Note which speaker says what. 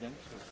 Speaker 1: President.